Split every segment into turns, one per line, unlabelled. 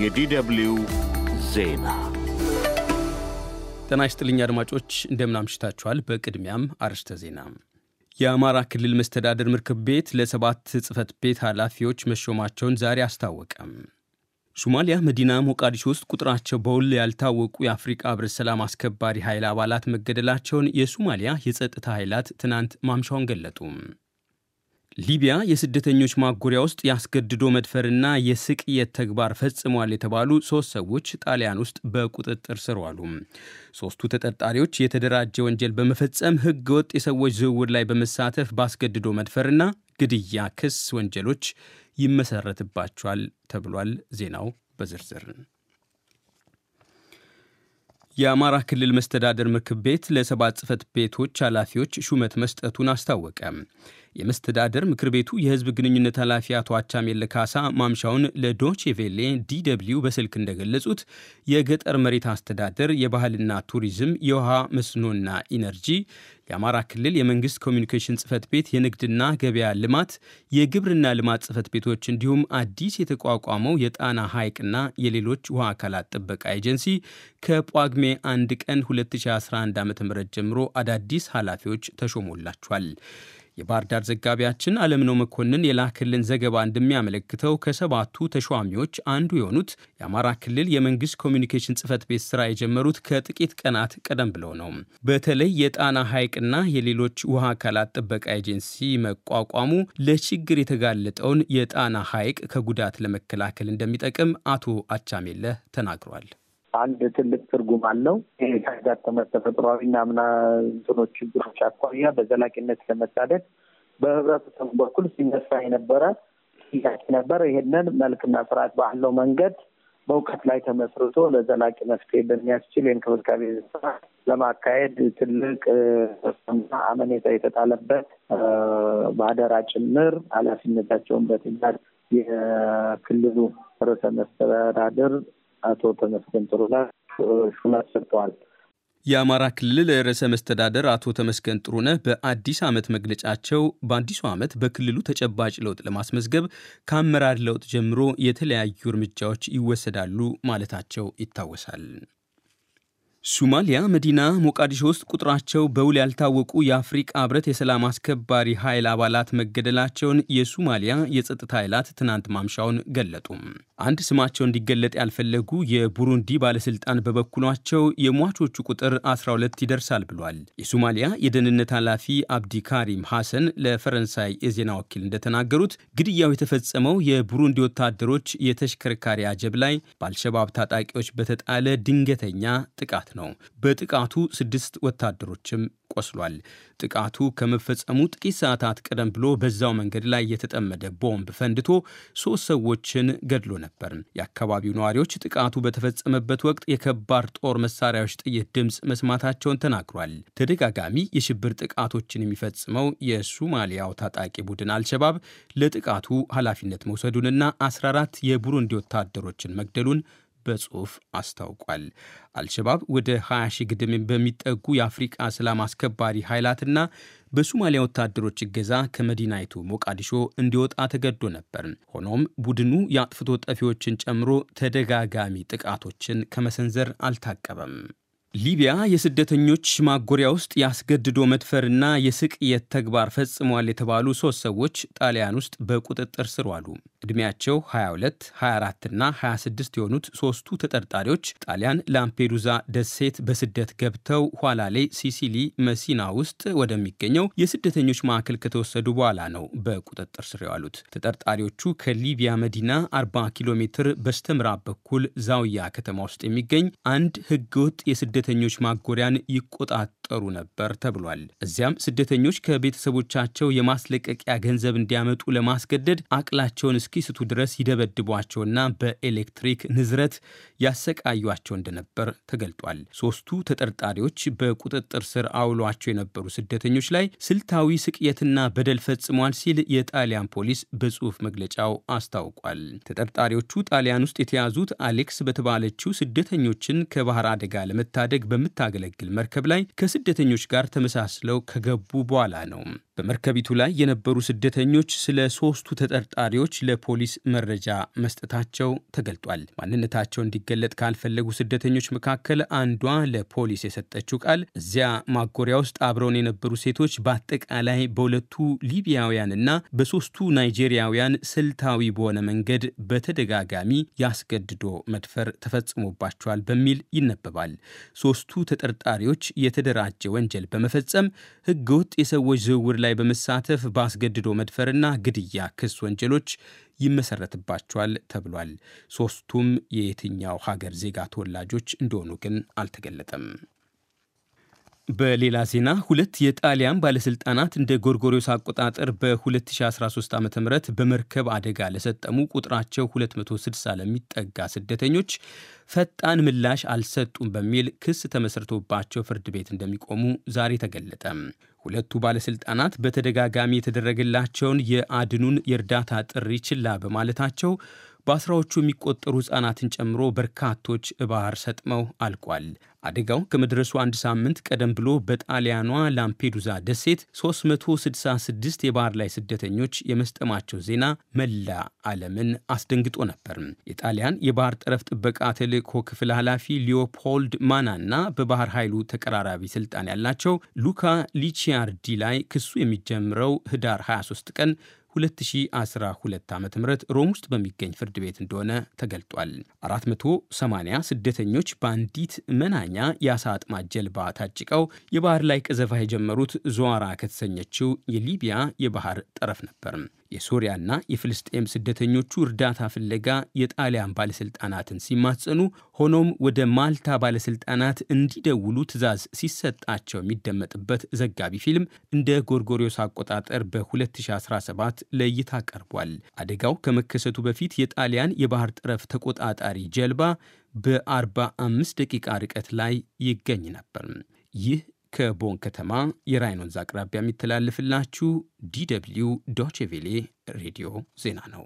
የዲደብልዩ ዜና ጤና ይስጥልኝ አድማጮች፣ እንደምናምሽታችኋል። በቅድሚያም አርዕስተ ዜና። የአማራ ክልል መስተዳደር ምክር ቤት ለሰባት ጽህፈት ቤት ኃላፊዎች መሾማቸውን ዛሬ አስታወቀም። ሶማሊያ መዲና ሞቃዲሾ ውስጥ ቁጥራቸው በውል ያልታወቁ የአፍሪቃ ህብረት ሰላም አስከባሪ ኃይል አባላት መገደላቸውን የሶማሊያ የጸጥታ ኃይላት ትናንት ማምሻውን ገለጡ። ሊቢያ የስደተኞች ማጎሪያ ውስጥ ያስገድዶ መድፈርና የስቅየት ተግባር ፈጽሟል የተባሉ ሶስት ሰዎች ጣሊያን ውስጥ በቁጥጥር ስር ዋሉ። ሶስቱ ተጠርጣሪዎች የተደራጀ ወንጀል በመፈጸም ሕገ ወጥ የሰዎች ዝውውር ላይ በመሳተፍ በአስገድዶ መድፈርና ግድያ ክስ ወንጀሎች ይመሰረትባቸዋል ተብሏል። ዜናው በዝርዝር የአማራ ክልል መስተዳደር ምክር ቤት ለሰባት ጽህፈት ቤቶች ኃላፊዎች ሹመት መስጠቱን አስታወቀ። የመስተዳደር ምክር ቤቱ የህዝብ ግንኙነት ኃላፊ አቶ አቻሜል ካሳ ማምሻውን ለዶቼ ቬሌ ዲ ደብልዩ በስልክ እንደገለጹት የገጠር መሬት አስተዳደር፣ የባህልና ቱሪዝም፣ የውሃ መስኖና ኢነርጂ፣ የአማራ ክልል የመንግስት ኮሚኒኬሽን ጽህፈት ቤት የንግድና ገበያ ልማት፣ የግብርና ልማት ጽህፈት ቤቶች እንዲሁም አዲስ የተቋቋመው የጣና ሐይቅና የሌሎች ውሃ አካላት ጥበቃ ኤጀንሲ ከጳጉሜ 1 ቀን 2011 ዓ ም ጀምሮ አዳዲስ ኃላፊዎች ተሾሞላቸዋል። የባህር ዳር ዘጋቢያችን አለምነው መኮንን የላክልን ዘገባ እንደሚያመለክተው ከሰባቱ ተሿሚዎች አንዱ የሆኑት የአማራ ክልል የመንግስት ኮሚኒኬሽን ጽህፈት ቤት ስራ የጀመሩት ከጥቂት ቀናት ቀደም ብለው ነው። በተለይ የጣና ሐይቅና የሌሎች ውሃ አካላት ጥበቃ ኤጀንሲ መቋቋሙ ለችግር የተጋለጠውን የጣና ሐይቅ ከጉዳት ለመከላከል እንደሚጠቅም አቶ አቻሜለህ ተናግሯል። አንድ ትልቅ ትርጉም አለው። ይሄ ተፈጥሯዊና ምና እንትኖች ችግሮች አኳያ በዘላቂነት ለመታደግ በህብረተሰቡ በኩል ሲነሳ የነበረ ጥያቄ ነበር። ይሄንን መልክና ስርዓት ባለው መንገድ በእውቀት ላይ ተመስርቶ ለዘላቂ መፍትሄ በሚያስችል የእንክብካቤ ስራ ለማካሄድ ትልቅ አመኔታ የተጣለበት ባደራ ጭምር ኃላፊነታቸውን በትጋት የክልሉ ርዕሰ መስተዳድር አቶ ተመስገን ጥሩነህ ሹመት ሰጥተዋል። የአማራ ክልል ርዕሰ መስተዳደር አቶ ተመስገን ጥሩነህ በአዲስ ዓመት መግለጫቸው በአዲሱ ዓመት በክልሉ ተጨባጭ ለውጥ ለማስመዝገብ ከአመራር ለውጥ ጀምሮ የተለያዩ እርምጃዎች ይወሰዳሉ ማለታቸው ይታወሳል። ሱማሊያ መዲና ሞቃዲሾ ውስጥ ቁጥራቸው በውል ያልታወቁ የአፍሪቃ ህብረት የሰላም አስከባሪ ኃይል አባላት መገደላቸውን የሱማሊያ የጸጥታ ኃይላት ትናንት ማምሻውን ገለጡ። አንድ ስማቸው እንዲገለጥ ያልፈለጉ የቡሩንዲ ባለስልጣን በበኩሏቸው የሟቾቹ ቁጥር 12 ይደርሳል ብሏል። የሱማሊያ የደህንነት ኃላፊ አብዲ ካሪም ሐሰን ለፈረንሳይ የዜና ወኪል እንደተናገሩት ግድያው የተፈጸመው የቡሩንዲ ወታደሮች የተሽከርካሪ አጀብ ላይ በአልሸባብ ታጣቂዎች በተጣለ ድንገተኛ ጥቃት ነው። ነው። በጥቃቱ ስድስት ወታደሮችም ቆስሏል። ጥቃቱ ከመፈጸሙ ጥቂት ሰዓታት ቀደም ብሎ በዛው መንገድ ላይ የተጠመደ ቦምብ ፈንድቶ ሶስት ሰዎችን ገድሎ ነበር። የአካባቢው ነዋሪዎች ጥቃቱ በተፈጸመበት ወቅት የከባድ ጦር መሳሪያዎች ጥይት ድምፅ መስማታቸውን ተናግሯል። ተደጋጋሚ የሽብር ጥቃቶችን የሚፈጽመው የሱማሊያው ታጣቂ ቡድን አልሸባብ ለጥቃቱ ኃላፊነት መውሰዱንና 14 የቡሩንዲ ወታደሮችን መግደሉን በጽሑፍ አስታውቋል። አልሸባብ ወደ 20 ሺህ ግድም በሚጠጉ የአፍሪቃ ሰላም አስከባሪ ኃይላትና በሶማሊያ ወታደሮች እገዛ ከመዲናይቱ ሞቃዲሾ እንዲወጣ ተገዶ ነበር። ሆኖም ቡድኑ የአጥፍቶ ጠፊዎችን ጨምሮ ተደጋጋሚ ጥቃቶችን ከመሰንዘር አልታቀበም። ሊቢያ የስደተኞች ማጎሪያ ውስጥ ያስገድዶ መድፈርና የስቅየት ተግባር ፈጽሟል የተባሉ ሶስት ሰዎች ጣሊያን ውስጥ በቁጥጥር ስር ዋሉ። ዕድሜያቸው 22፣ 24ና 26 የሆኑት ሶስቱ ተጠርጣሪዎች ጣሊያን ላምፔዱዛ ደሴት በስደት ገብተው ኋላ ላይ ሲሲሊ መሲና ውስጥ ወደሚገኘው የስደተኞች ማዕከል ከተወሰዱ በኋላ ነው በቁጥጥር ስር የዋሉት። ተጠርጣሪዎቹ ከሊቢያ መዲና 40 ኪሎ ሜትር በስተምዕራብ በኩል ዛውያ ከተማ ውስጥ የሚገኝ አንድ ህገወጥ የስደት ስደተኞች ማጎሪያን ይቆጣጠሩ ነበር ተብሏል። እዚያም ስደተኞች ከቤተሰቦቻቸው የማስለቀቂያ ገንዘብ እንዲያመጡ ለማስገደድ አቅላቸውን እስኪስቱ ድረስ ይደበድቧቸውና በኤሌክትሪክ ንዝረት ያሰቃዩቸው እንደነበር ተገልጧል። ሶስቱ ተጠርጣሪዎች በቁጥጥር ስር አውሏቸው የነበሩ ስደተኞች ላይ ስልታዊ ስቅየትና በደል ፈጽሟል ሲል የጣሊያን ፖሊስ በጽሑፍ መግለጫው አስታውቋል። ተጠርጣሪዎቹ ጣሊያን ውስጥ የተያዙት አሌክስ በተባለችው ስደተኞችን ከባህር አደጋ ለመታደግ ለማሳደግ በምታገለግል መርከብ ላይ ከስደተኞች ጋር ተመሳስለው ከገቡ በኋላ ነው። በመርከቢቱ ላይ የነበሩ ስደተኞች ስለ ሶስቱ ተጠርጣሪዎች ለፖሊስ መረጃ መስጠታቸው ተገልጧል። ማንነታቸው እንዲገለጥ ካልፈለጉ ስደተኞች መካከል አንዷ ለፖሊስ የሰጠችው ቃል እዚያ ማጎሪያ ውስጥ አብረውን የነበሩ ሴቶች በአጠቃላይ በሁለቱ ሊቢያውያንና በሶስቱ ናይጄሪያውያን ስልታዊ በሆነ መንገድ በተደጋጋሚ ያስገድዶ መድፈር ተፈጽሞባቸዋል በሚል ይነበባል። ሶስቱ ተጠርጣሪዎች የተደራጀ ወንጀል በመፈጸም ህገወጥ የሰዎች ዝውውር ላይ በመሳተፍ በአስገድዶ መድፈርና ግድያ ክስ ወንጀሎች ይመሰረትባቸዋል ተብሏል። ሶስቱም የየትኛው ሀገር ዜጋ ተወላጆች እንደሆኑ ግን አልተገለጠም። በሌላ ዜና ሁለት የጣሊያን ባለሥልጣናት እንደ ጎርጎሪዮስ አቆጣጠር በ2013 ዓ ም በመርከብ አደጋ ለሰጠሙ ቁጥራቸው 260 ለሚጠጋ ስደተኞች ፈጣን ምላሽ አልሰጡም በሚል ክስ ተመስርቶባቸው ፍርድ ቤት እንደሚቆሙ ዛሬ ተገለጠ። ሁለቱ ባለስልጣናት በተደጋጋሚ የተደረገላቸውን የአድኑን የእርዳታ ጥሪ ችላ በማለታቸው በአስራዎቹ የሚቆጠሩ ህፃናትን ጨምሮ በርካቶች ባህር ሰጥመው አልቋል። አደጋው ከመድረሱ አንድ ሳምንት ቀደም ብሎ በጣሊያኗ ላምፔዱዛ ደሴት 366 የባህር ላይ ስደተኞች የመስጠማቸው ዜና መላ ዓለምን አስደንግጦ ነበር። የጣሊያን የባህር ጠረፍ ጥበቃ ተልእኮ ክፍል ኃላፊ ሊዮፖልድ ማናና በባህር ኃይሉ ተቀራራቢ ስልጣን ያላቸው ሉካ ሊቺያርዲ ላይ ክሱ የሚጀምረው ህዳር 23 ቀን 2012 ዓ ም ሮም ውስጥ በሚገኝ ፍርድ ቤት እንደሆነ ተገልጧል። 480 ስደተኞች በአንዲት መናኛ የአሳ ጀልባ ታጭቀው የባህር ላይ ቅዘፋ የጀመሩት ዞዋራ ከተሰኘችው የሊቢያ የባህር ጠረፍ ነበር። የሶሪያና የፍልስጤም ስደተኞቹ እርዳታ ፍለጋ የጣሊያን ባለሥልጣናትን ሲማጸኑ፣ ሆኖም ወደ ማልታ ባለሥልጣናት እንዲደውሉ ትዕዛዝ ሲሰጣቸው የሚደመጥበት ዘጋቢ ፊልም እንደ ጎርጎሪዮስ አቆጣጠር በ2017 ለእይታ ቀርቧል። አደጋው ከመከሰቱ በፊት የጣሊያን የባህር ጠረፍ ተቆጣጣሪ ጀልባ በ45 ደቂቃ ርቀት ላይ ይገኝ ነበር። ይህ ከቦን ከተማ የራይን ወንዝ አቅራቢያ የሚተላልፍላችሁ ዲ ደብልዩ ሬዲዮ ዜና ነው።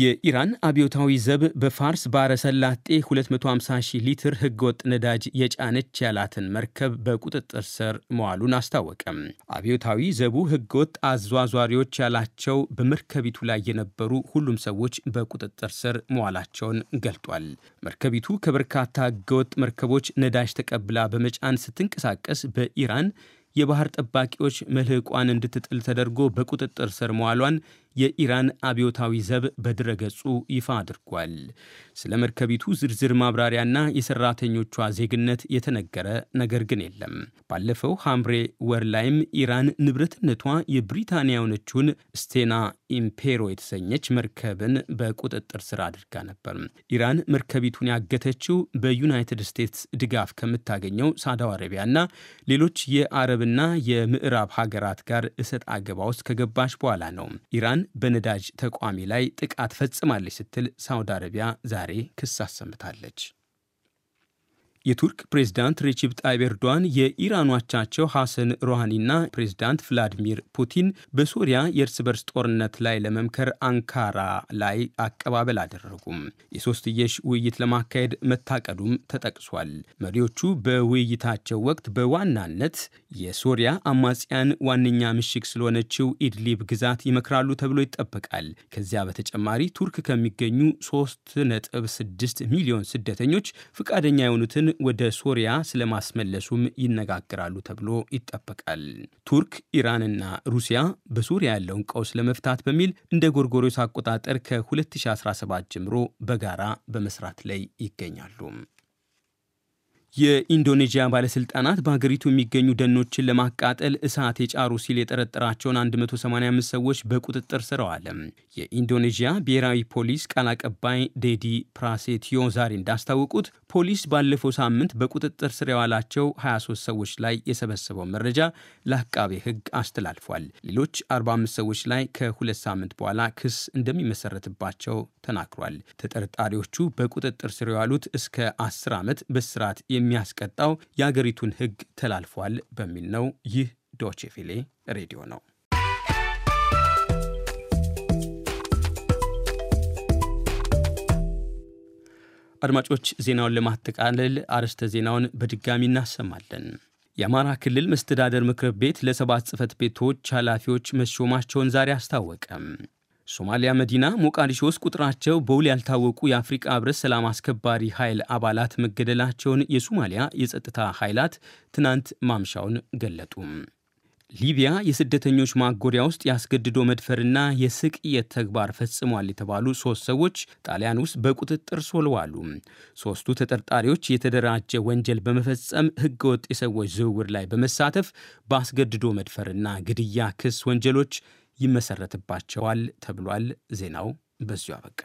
የኢራን አብዮታዊ ዘብ በፋርስ ባሕረ ሰላጤ 250 ሺህ ሊትር ህገወጥ ነዳጅ የጫነች ያላትን መርከብ በቁጥጥር ስር መዋሉን አስታወቀም። አብዮታዊ ዘቡ ሕገወጥ አዟዟሪዎች ያላቸው በመርከቢቱ ላይ የነበሩ ሁሉም ሰዎች በቁጥጥር ስር መዋላቸውን ገልጧል። መርከቢቱ ከበርካታ ህገወጥ መርከቦች ነዳጅ ተቀብላ በመጫን ስትንቀሳቀስ በኢራን የባህር ጠባቂዎች መልህቋን እንድትጥል ተደርጎ በቁጥጥር ስር መዋሏን የኢራን አብዮታዊ ዘብ በድረገጹ ይፋ አድርጓል። ስለ መርከቢቱ ዝርዝር ማብራሪያና የሰራተኞቿ ዜግነት የተነገረ ነገር ግን የለም። ባለፈው ሐምሬ ወር ላይም ኢራን ንብረትነቷ የብሪታንያ የሆነችውን ስቴና ኢምፔሮ የተሰኘች መርከብን በቁጥጥር ስር አድርጋ ነበር። ኢራን መርከቢቱን ያገተችው በዩናይትድ ስቴትስ ድጋፍ ከምታገኘው ሳውዲ አረቢያና ሌሎች የአረብና የምዕራብ ሀገራት ጋር እሰጥ አገባ ውስጥ ከገባች በኋላ ነው። ኢራን በነዳጅ ተቋሚ ላይ ጥቃት ፈጽማለች ስትል ሳውዲ አረቢያ ዛሬ ክስ አሰምታለች። የቱርክ ፕሬዝዳንት ሬጀፕ ጣይብ ኤርዶዋን የኢራኑ አቻቸው ሐሰን ሮሃኒና ፕሬዝዳንት ቭላዲሚር ፑቲን በሶሪያ የእርስ በርስ ጦርነት ላይ ለመምከር አንካራ ላይ አቀባበል አደረጉም። የሶስትዮሽ ውይይት ለማካሄድ መታቀዱም ተጠቅሷል። መሪዎቹ በውይይታቸው ወቅት በዋናነት የሶሪያ አማጽያን ዋነኛ ምሽግ ስለሆነችው ኢድሊብ ግዛት ይመክራሉ ተብሎ ይጠበቃል። ከዚያ በተጨማሪ ቱርክ ከሚገኙ 3.6 ሚሊዮን ስደተኞች ፈቃደኛ የሆኑትን ወደ ሶሪያ ስለማስመለሱም ይነጋገራሉ ተብሎ ይጠበቃል። ቱርክ፣ ኢራንና ሩሲያ በሱሪያ ያለውን ቀውስ ለመፍታት በሚል እንደ ጎርጎሮስ አቆጣጠር ከ2017 ጀምሮ በጋራ በመስራት ላይ ይገኛሉ። የኢንዶኔዥያ ባለስልጣናት በሀገሪቱ የሚገኙ ደኖችን ለማቃጠል እሳት የጫሩ ሲል የጠረጠራቸውን 185 ሰዎች በቁጥጥር ስር አዋለ። የኢንዶኔዥያ ብሔራዊ ፖሊስ ቃል አቀባይ ዴዲ ፕራሴትዮ ዛሬ እንዳስታወቁት ፖሊስ ባለፈው ሳምንት በቁጥጥር ስር የዋላቸው 23 ሰዎች ላይ የሰበሰበው መረጃ ለአቃቤ ሕግ አስተላልፏል። ሌሎች 45 ሰዎች ላይ ከሁለት ሳምንት በኋላ ክስ እንደሚመሰረትባቸው ተናግሯል። ተጠርጣሪዎቹ በቁጥጥር ስር የዋሉት እስከ 10 ዓመት በስርዓት የሚያስቀጣው የአገሪቱን ሕግ ተላልፏል በሚል ነው። ይህ ዶቼ ሬዲዮ ነው። አድማጮች፣ ዜናውን ለማጠቃለል አርዕስተ ዜናውን በድጋሚ እናሰማለን። የአማራ ክልል መስተዳደር ምክር ቤት ለሰባት ጽህፈት ቤቶች ኃላፊዎች መሾማቸውን ዛሬ አስታወቀም። ሶማሊያ መዲና ሞቃዲሾ ውስጥ ቁጥራቸው በውል ያልታወቁ የአፍሪቃ ህብረት ሰላም አስከባሪ ኃይል አባላት መገደላቸውን የሶማሊያ የጸጥታ ኃይላት ትናንት ማምሻውን ገለጡ። ሊቢያ የስደተኞች ማጎሪያ ውስጥ ያስገድዶ መድፈርና የስቅየት ተግባር ፈጽሟል የተባሉ ሶስት ሰዎች ጣሊያን ውስጥ በቁጥጥር ሶልዋሉ። ዋሉ። ሶስቱ ተጠርጣሪዎች የተደራጀ ወንጀል በመፈጸም ህገወጥ የሰዎች ዝውውር ላይ በመሳተፍ በአስገድዶ መድፈርና ግድያ ክስ ወንጀሎች ይመሰረትባቸዋል ተብሏል። ዜናው በዚሁ አበቃ።